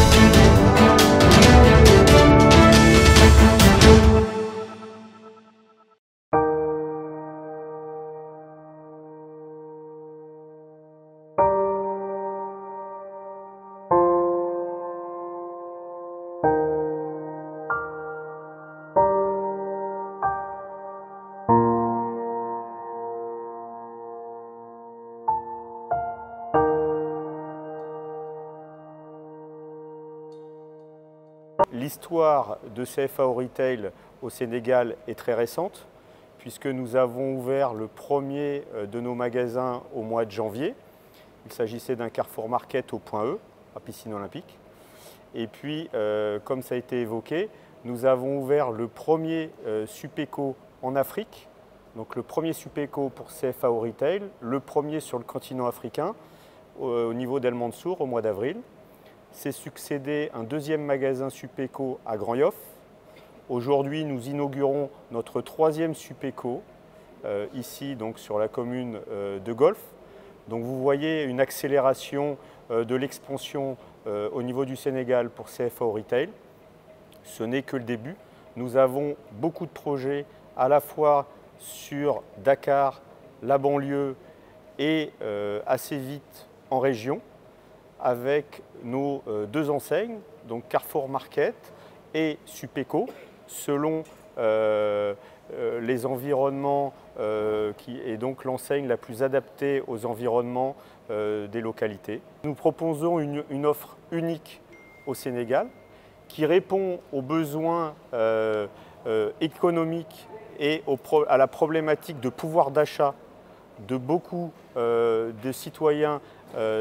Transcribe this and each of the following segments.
Thank you. L'histoire de CFAO retail au Sénégal est très récente, puisque nous avons ouvert le premier euh, de nos magasins au mois de janvier. Il s'agissait d'un Carrefour Market au point E, à Piscine Olympique. Et puis, euh, comme ça a été évoqué, nous avons ouvert le premier euh, Supéco en Afrique, donc le premier Supéco pour CFAO retail, le premier sur le continent africain, au, au niveau d'El Mansour au mois d'avril s'est succédé un deuxième magasin Supéco à Grand Yoff. Aujourd'hui, nous inaugurons notre troisième Supéco, euh, ici donc sur la commune euh, de Golf. Donc vous voyez une accélération euh, de l'expansion au niveau du Sénégal pour CFA Retail. Ce n'est que le début. Nous avons beaucoup de projets à la fois sur Dakar, la banlieue et assez vite en région avec nos euh, deux enseignes, donc Carrefour Market et Superco, selon euh, euh, les environnements euh, qui est donc l'enseigne la plus adaptée aux environnements des localités. Nous proposons une, offre unique au Sénégal qui répond aux besoins économiques et à la problématique de pouvoir d'achat de beaucoup de citoyens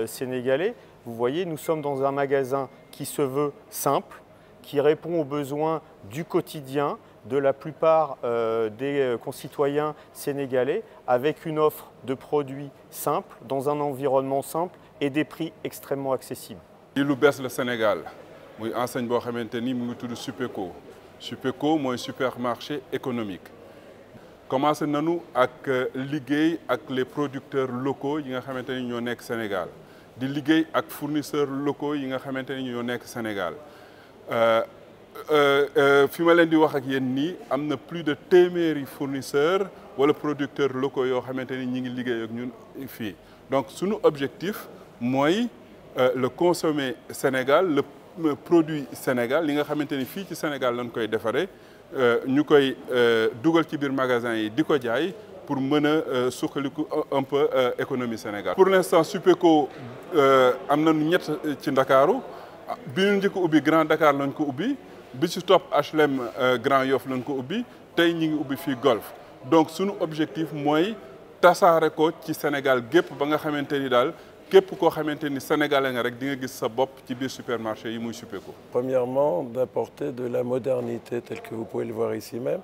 sénégalais vous voyez, nous sommes dans un magasin qui se veut simple, qui répond aux besoins du quotidien de la plupart euh, des euh, concitoyens sénégalais avec une offre de produits simples, dans un environnement simple et des prix extrêmement accessibles. nous baisse le Sénégal oui, enseigne ni Superco, Supeco supermarché économique nous nous à liguer avec les producteurs locaux yi Sénégal di avec les fournisseurs locaux qui sont au Sénégal plus de fournisseurs fournisseurs de producteurs locaux qui sont Sénégal. donc notre objectif moi euh, le consommer Sénégal le produit Sénégal ce nga xamante Sénégal lañ koy euh, ñu euh, magasin pour mener euh, sur un peu euh, économie Sénégal. pour l'instant, Supéco euh, ci a Grand Dakar lañ HLM Grand Yoff lañ ko ubi, Golf donc notre objectif est que ko Sénégal ba nga faire sénégalais nga rek di supermarché premièrement d'apporter de la modernité telle que vous pouvez le voir ici même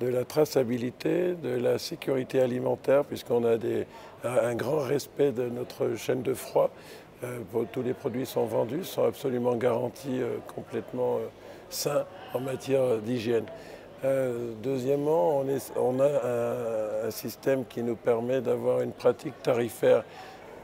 de la traçabilité, de la sécurité alimentaire, puisqu'on a un grand respect de notre chaîne de froid. Euh, tous les produits sont vendus, sont absolument garantis, euh, complètement euh, sains en matière d'hygiène. deuxièmement, on, a un, système qui nous permet d'avoir une pratique tarifaire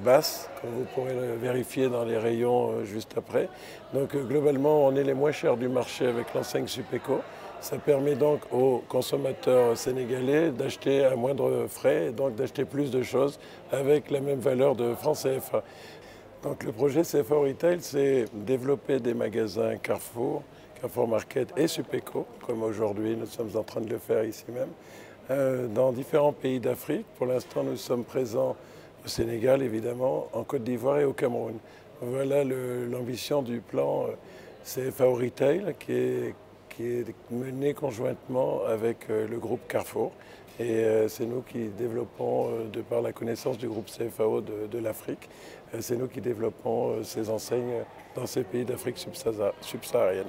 basse, comme vous pourrez le vérifier dans les rayons euh, juste après. Donc euh, globalement, on est les moins chers du marché avec l'enseigne Supéco. Ça permet donc aux consommateurs sénégalais d'acheter à moindre frais et donc d'acheter plus de choses avec la même valeur de francs CFA. Donc le projet CFA Retail, c'est développer des magasins Carrefour, Carrefour Market et Supéco, comme aujourd'hui nous sommes en train de le faire ici même, euh, dans différents pays d'Afrique. Pour l'instant, nous sommes présents au Sénégal évidemment, en Côte d'Ivoire et au Cameroun. Voilà l'ambition du plan euh, CFAO Retail qui est, mené conjointement avec euh, le groupe Carrefour. Et euh, c'est nous qui développons, de par la connaissance du groupe CFAO de, l'Afrique, c'est nous qui développons ces enseignes dans ces pays d'Afrique subsaharienne.